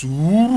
sùúrù